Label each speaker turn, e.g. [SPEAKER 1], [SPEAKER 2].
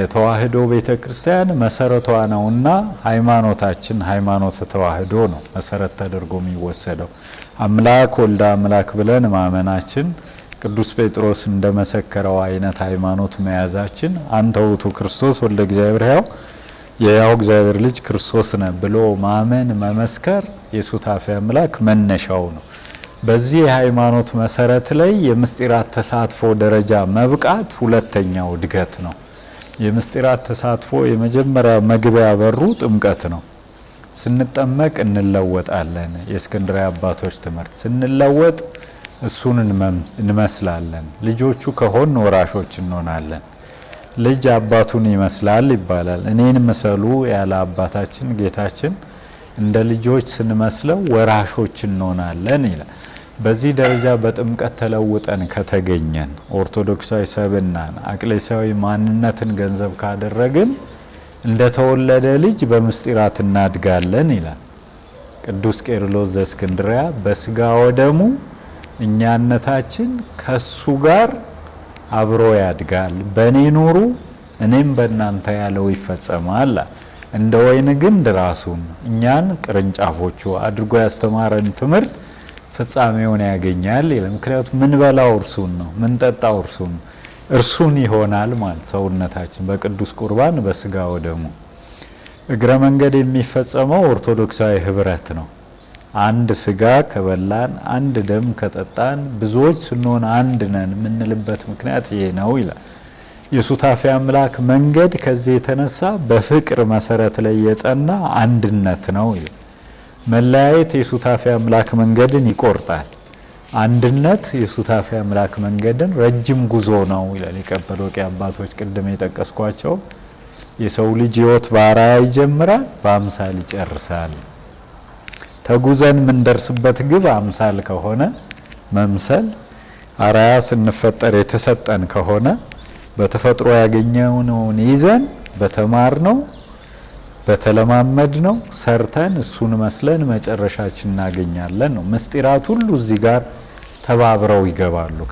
[SPEAKER 1] የተዋህዶ ቤተ ክርስቲያን መሰረቷ ነውና ሃይማኖታችን ሃይማኖተ ተዋህዶ ነው መሰረት ተደርጎ የሚወሰደው። አምላክ ወልዳ አምላክ ብለን ማመናችን ቅዱስ ጴጥሮስ እንደመሰከረው አይነት ሃይማኖት መያዛችን አንተ ውእቱ ክርስቶስ ወልደ እግዚአብሔር ሕያው የሕያው እግዚአብሔር ልጅ ክርስቶስ ነ ብሎ ማመን መመስከር የሱታፌ አምላክ መነሻው ነው። በዚህ የሃይማኖት መሰረት ላይ የምስጢራት ተሳትፎ ደረጃ መብቃት ሁለተኛው እድገት ነው። የምስጢራት ተሳትፎ የመጀመሪያ መግቢያ በሩ ጥምቀት ነው። ስንጠመቅ እንለወጣለን። የእስክንድርያ አባቶች ትምህርት ስንለወጥ እሱን እንመስላለን። ልጆቹ ከሆን ወራሾች እንሆናለን። ልጅ አባቱን ይመስላል ይባላል። እኔን ምሰሉ ያለ አባታችን ጌታችን እንደ ልጆች ስንመስለው ወራሾች እንሆናለን ይላል። በዚህ ደረጃ በጥምቀት ተለውጠን ከተገኘን ኦርቶዶክሳዊ ሰብናን አቅሌሲያዊ ማንነትን ገንዘብ ካደረግን እንደተወለደ ልጅ በምስጢራት እናድጋለን ይላል ቅዱስ ቄርሎስ ዘእስክንድርያ። በስጋ ወደሙ እኛነታችን ከሱ ጋር አብሮ ያድጋል። በእኔ ኑሩ እኔም በእናንተ ያለው ይፈጸማል። እንደ ወይን ግንድ ራሱን እኛን ቅርንጫፎቹ አድርጎ ያስተማረን ትምህርት ፍጻሜውን ያገኛል ይላል። ምክንያቱም ምን በላው እርሱን ነው፣ ምን ጠጣው እርሱን እርሱን ይሆናል ማለት ሰውነታችን በቅዱስ ቁርባን በስጋ ወደሙ እግረ መንገድ የሚፈጸመው ኦርቶዶክሳዊ ህብረት ነው። አንድ ስጋ ከበላን አንድ ደም ከጠጣን ብዙዎች ስንሆን አንድ ነን የምንልበት ምክንያት ይሄ ነው ይላል። የሱታፌ አምላክ መንገድ ከዚህ የተነሳ በፍቅር መሰረት ላይ የጸና አንድነት ነው ይላል። መለያየት የሱታፌ አምላክ መንገድን ይቆርጣል። አንድነት የሱታፌ አምላክ መንገድን ረጅም ጉዞ ነው ይላል። የቀጰዶቅያ አባቶች ቅድም የጠቀስኳቸው የሰው ልጅ ህይወት በአርአያ ይጀምራል፣ በአምሳል ይጨርሳል። ተጉዘን የምንደርስበት ግብ አምሳል ከሆነ መምሰል፣ አርአያ ስንፈጠር የተሰጠን ከሆነ በተፈጥሮ ያገኘነውን ይዘን በተማር ነው በተለማመድ ነው ሰርተን እሱን መስለን መጨረሻችን እናገኛለን ነው። ምስጢራት ሁሉ እዚህ ጋር ተባብረው ይገባሉ።